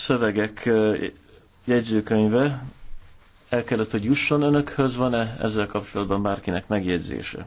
szövegek jegyzőkönyve el kellett, hogy jusson önökhöz, van-e ezzel kapcsolatban bárkinek megjegyzése?